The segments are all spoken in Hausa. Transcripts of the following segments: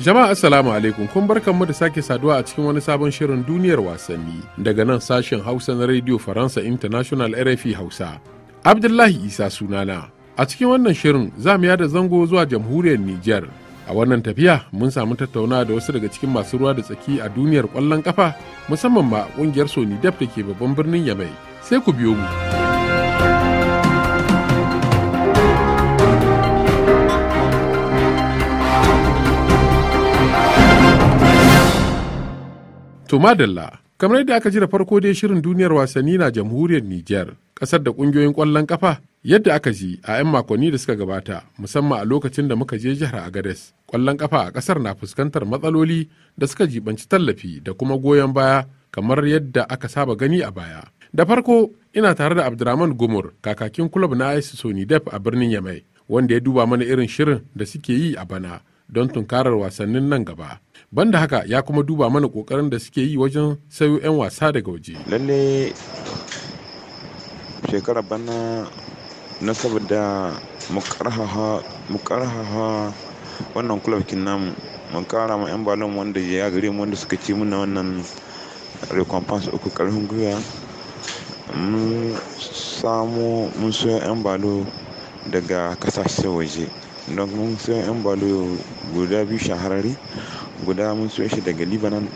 Jama'a Assalamu alaikum kun barkan mu da sake saduwa a cikin wani sabon shirin duniyar wasanni daga nan sashen Hausa na Radio Faransa International RFI Hausa. Abdullahi Isa sunana. A cikin wannan shirin za mu yada zango zuwa jamhuriyar Nijar. A wannan tafiya mun samu tattauna da wasu daga cikin masu ruwa da tsaki a duniyar kwallon kafa musamman ma kungiyar Sony Def da ke babban birnin Yamai. Sai ku biyo mu. To madalla, kamar yadda aka ji da farko dai shirin duniyar wasanni na jamhuriyar Nijar, kasar da kungiyoyin ƙwallon kafa yadda aka ji a 'yan makonni da suka gabata musamman a lokacin da muka je jihar Agades. Ƙwallon kafa a ƙasar na fuskantar matsaloli da suka jibanci tallafi da kuma goyon baya kamar yadda aka saba gani a baya. Da farko ina tare da Abdurrahman Gumur kakakin kulob na AS Def a birnin Yamai wanda ya duba mana irin shirin da suke yi a bana don tunkarar wasannin nan gaba. Banda haka ya kuma duba mana kokarin da suke yi wajen sayo 'yan wasa daga waje. Lalle shekara bana na saboda mu karhaha wannan kulab nan mun kara ma 'yan balon wanda ya gare mu wanda suka ci muna wannan recompense uku karfin gwiwa mun samu mun so 'yan balo daga kasashen waje don mun siyo yan balo guda biyu shahararri guda mun siyo shi daga libanan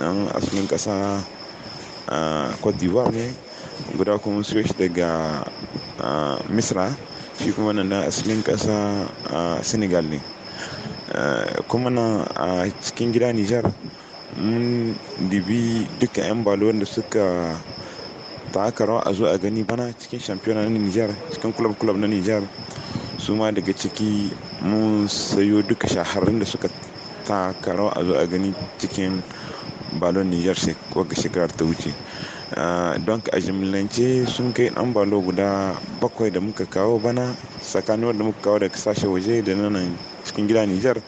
nan asalin kasa a cote d'ivoire ne guda kuma mun siyo shi daga misra shi kuma nan na asalin kasa a senegal ne kuma na a cikin gida nijar mun dibi duka 'yan balo wanda suka taka rawa a zo a gani bana cikin shampiyona na nijar cikin club club na nijar su ma daga ciki mun sayo duka shaharin da suka taka rawa a zo a gani cikin balon niger wagga shekarar ta wuce ah, don a jimlance sun kai dan balo guda bakwai da muka kawo bana tsakanin wanda muka kawo daga sashe waje da nan cikin gida niger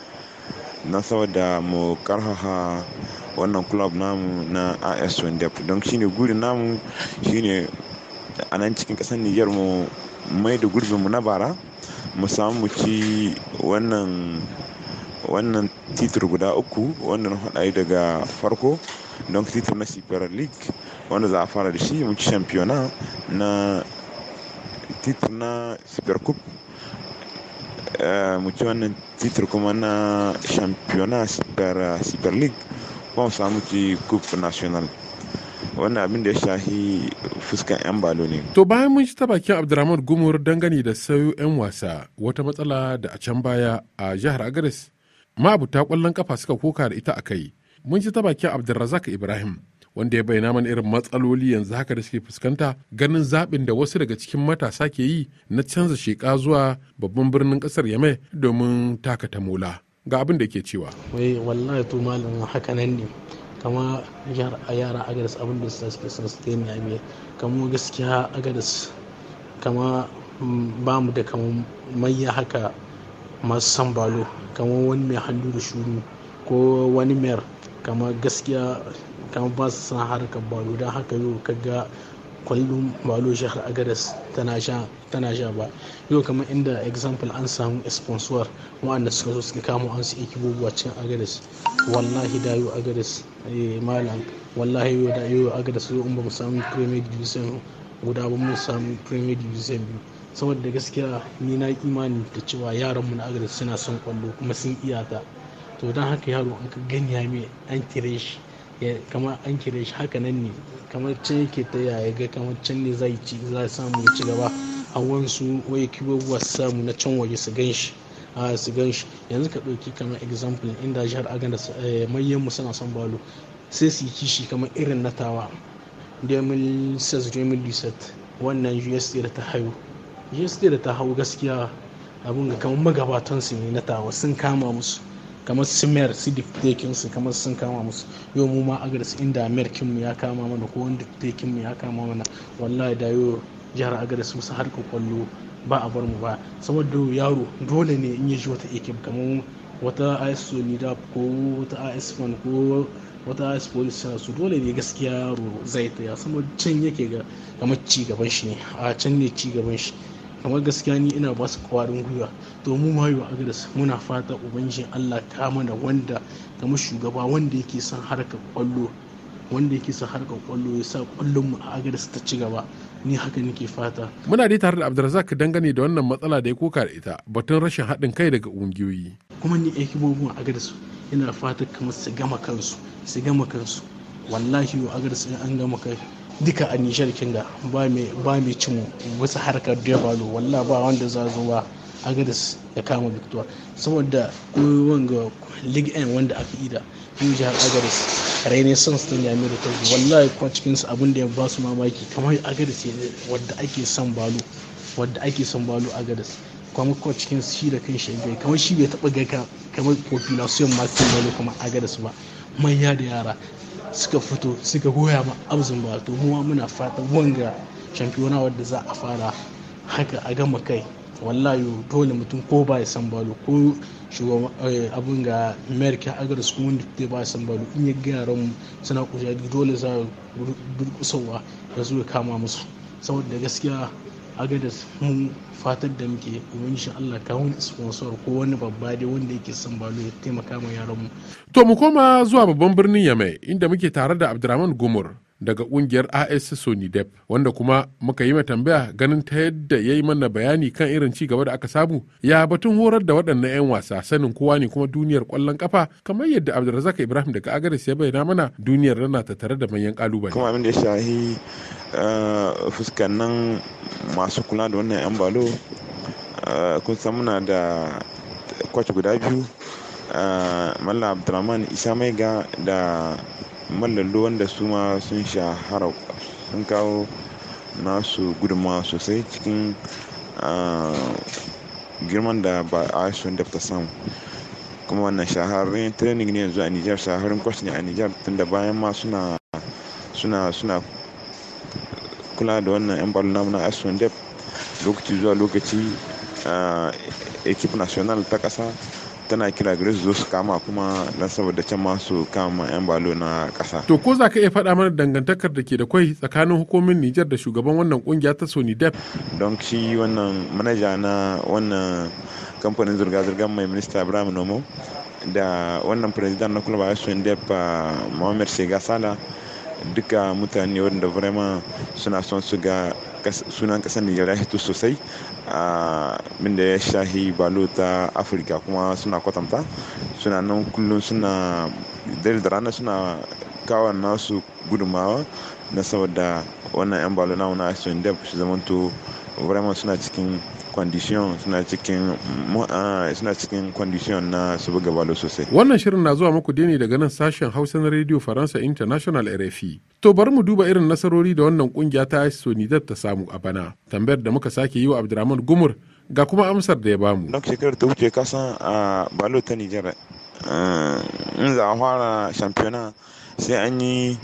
na saboda mu karhaha wannan club namu na as wendep don shine guri namu shine a nan cikin kasar Nijar mu mai da mu na bara mu samu mu ci wannan wannan titir guda uku wannan hudayi daga farko don titir na super league wanda za a fara da shi mu ci shampiyona na titir na super cup eh, mu ci wannan titir kuma na shampiyona super league kuma mu samu ci cup national wannan abin da ya shahi fuskan 'yan balo ne. To bayan mun ta bakin Abdulrahman Gumur dangane da sayo 'yan wasa wata matsala da a can baya a jihar Agares ma'abuta kwallon kafa suka koka da ita a kai. Mun ci ta bakin Abdulrazak Ibrahim wanda ya bayyana mana irin matsaloli yanzu haka da suke fuskanta ganin zaɓin da wasu daga cikin matasa ke yi na canza sheka zuwa babban birnin ƙasar Yamai domin taka ta mola. Ga abin da ke cewa. Wai wallahi to malam haka nan ne. kama yara agadas abin da suke son su daina biyar kama gaskiya agadas kama mm, ba mu da kama mayya haka masu san balo kama wani mai hannu da shuru ko wani mayar kama gaskiya kama ba su san harkar balo don haka yau ka ga. kwallon malo jihar agadas tana sha ba yau kamar inda example an samu sponsor wa'anda suka zo suka kamo an su bubuwa cikin agadas wallahi da yau agadas eh, malam wallahi yau da yau agadas yau in ba mu samu premier division guda ba mu samu premier division biyu saboda da gaskiya ni na imani da cewa yaranmu na agadas suna son kwallo kuma sun iyata to don haka yaro an ka gani ya mai an kire shi kamar an kire shi haka nan ne kamar can yake ta yaya ga kamar can ne zai ci za samu ci gaba a wansu wai kibobuwa su samu na can waje su gan shi a su gan shi yanzu ka ɗauki kamar example inda jihar aganda eh, mayan mu suna son balo sai su yi kishi kamar irin na tawa lisat wannan usd da ta hayo usd da ta hau gaskiya abin ga kamar magabatan su ne na tawa sun kama musu kamar su mayar su diktekin su kamar sun kama musu yau mu ma agadas inda mayar kinmu ya kama mana ko wani diktekin mu ya kama mana wallahi da yau jihar agadas musu harkar kwallo ba a bar mu ba saboda yaro dole ne in ya ji wata ekip kamar wata is sonida ko wata is fan ko wata is police suna su dole ne gaskiya yaro zai ta ya sama can yake ga kamar ci gaban shi ne a can ne ci gaban shi kamar gaskiya ni ina ba su kwarin gwiwa domin mayu agadas muna fata ubangijin allah ta mana wanda kamar shugaba wanda yake son harkar kwallo wanda yake son harkar kwallo ya sa kwallon mu a agadas ta ci gaba ni haka nake fata muna dai tare da abdulrazak dangane da wannan matsala da ya koka da ita batun rashin haɗin kai daga ƙungiyoyi kuma ni a agadas ina fata kamar su gama kansu su gama kansu wallahi yau an gama kai duka a nishar kinga ba mai cin wasu harkar devalo wallah ba wanda za ba agadis ya kama victoria saboda koyon ga league n wanda aka ida yi jihar agadis renaissance din yami da tauri wallahi kuma cikinsu abin da ya ba su mamaki kamar agadis wadda ake son balo wadda ake son balo agadis kuma kuma cikin shi da kan shi kamar shi bai taba ga kamar population ma kan balo kuma agadis ba manya da yara suka fito suka goya ma abzin ba to muwa muna fatan wanga shampiyona wadda za a fara haka a gama kai wallahi dole mutum ko ba ya san balo ko eh, abin ga america agar su wanda ta ba ya san balo in ya gyara mu suna kusa dole za a durkusowa ya zuwa kama musu saboda gaskiya a agadas mun fatar da muke ubangiji Allah ka wani sponsor ko wani babba dai wanda yake son balo ya taimaka ma yaran mu to mu koma zuwa babban birnin Yamai inda muke tare da Abdurrahman Gumur daga kungiyar AS Dep wanda kuma muka yi tambaya ganin ta yadda ya yi mana bayani kan irin ci gaba da aka samu ya batun horar da waɗannan 'yan wasa sanin kowa ne kuma duniyar kwallon kafa kamar yadda Abdulrazak Ibrahim daga Agares ya bayyana mana duniyar rana ta tare da manyan kalubale. Kuma abin da ya shahi eh, nan masu kula da wannan 'yan balo eh, kun san muna da kwace guda biyu eh, Mallam Abdulrahman Isa Maiga da mallallo wanda su ma sun shahara sun kawo nasu gudunmawa sosai cikin girman da ba a da ta samu kuma wannan shaharin training ne yanzu a nijar shaharin kwas ne a nijar da bayan ma suna suna suna kula da wannan yan balo namu na aswan dep lokaci zuwa lokaci ekip national ta kasa tana kira gare su zo su kama kuma na saboda can ma su kama 'yan balo na ƙasa. To ko za ka iya faɗa mana dangantakar da ke da kwai tsakanin hukumin Nijar da shugaban wannan kungiya ta Sony Dep? Don shi wannan manaja na wannan kamfanin zirga-zirgar mai minista Ibrahim Nomo da wannan president na kula ba Sony Dep ah, Mohamed shiga Sala duka mutane wanda vraiment suna son su ga sunan kasar nigeria ya hito sosai a min da ya shahi balo ta afirka kuma suna kwatanta suna nan kullum suna dare da rana suna kawo nasu gudumawa na saboda wannan yan balo na wani su zamanto vraiment suna cikin condition suna cikin ah, suna cikin condition na su buga balo sosai wannan shirin na zuwa muku ne daga nan sashen hausa na radio faransa international rfi to bari mu duba irin nasarori da wannan kungiya ta sonidar ta samu a bana tambayar da muka sake yi wa abdurrahman gumur ga kuma amsar da ya bamu don shekarar ta wuce kasan a ah, balo ta nijar eh, in za a fara shampiyona sai an yi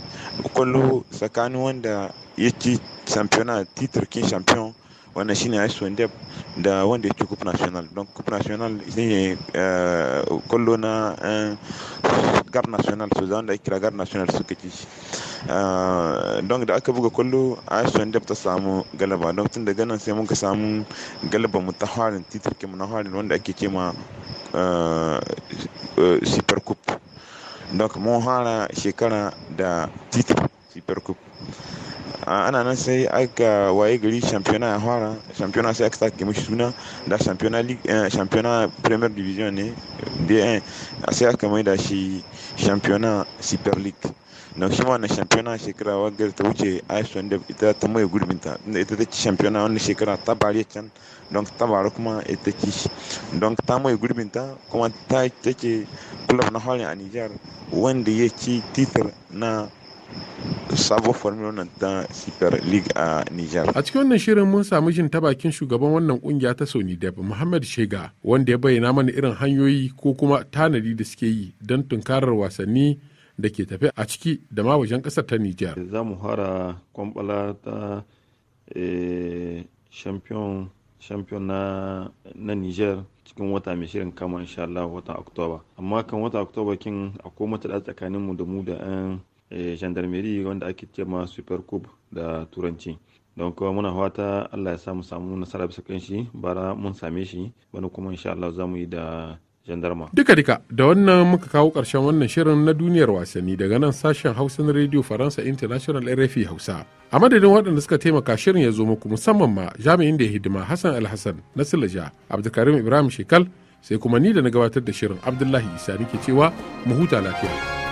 kwallo tsakanin wanda ya ci shampiyona titirkin shampiyon wannan shine Icewind Dep da wanda ya ci Coupe National don Coupe National shine eh, kwallo na eh, gar national su za wanda ake kira gar national suka ci shi eh, don da aka buga kwallo Icewind Dep ta samu galaba don tun daga nan sai muka samu galaba mu ta harin titir mu na harin wanda ake ce ma super cup don mun hana shekara da titir super cup Ah, ana nan sai aka waye gari championa ya fara championa sai aka sake mishi suna da championa league eh, championa premier division ne d1 sai aka mai da shi championa super league na shi wannan shampiyona shekara wagar ta wuce iceland da ita ta mai gurbin ta inda ita ta ci shampiyona wannan shekara ta bare can don ta bare kuma ita ci shi don ta mai gurbin ta kuma ta take club na holland a niger wanda ya ci titar na sabon formula ta super league a niger a cikin wannan shirin mun samu jin ta bakin shugaban wannan kungiya ta sony deb muhammad shega wanda ya bayyana mana irin hanyoyi ko kuma tanadi da suke yi don tunkarar wasanni da ke tafe a ciki da ma wajen kasar ta niger za mu fara kwambala ta eh, champion champion na, na niger cikin wata mai shirin kama insha Allah watan oktoba amma kan wata oktoba kin akwai mata tsakaninmu da mu da 'yan Eh, gendarmerie wanda ake ce ma super cup da turanci don kuma muna hawata allah ya samu samu nasara bisa kan shi bara mun same shi wani kuma insha allah za mu yi da jandarma duka duka da wannan muka kawo karshen wannan shirin na duniyar wasanni daga nan sashen hausan na radio faransa international rfi hausa a madadin waɗanda suka taimaka shirin ya zo muku musamman ma jami'in da ya hidima hassan alhassan na silaja abdulkarim ibrahim shekal sai kuma ni da na gabatar da shirin abdullahi isa nake cewa mu huta lafiya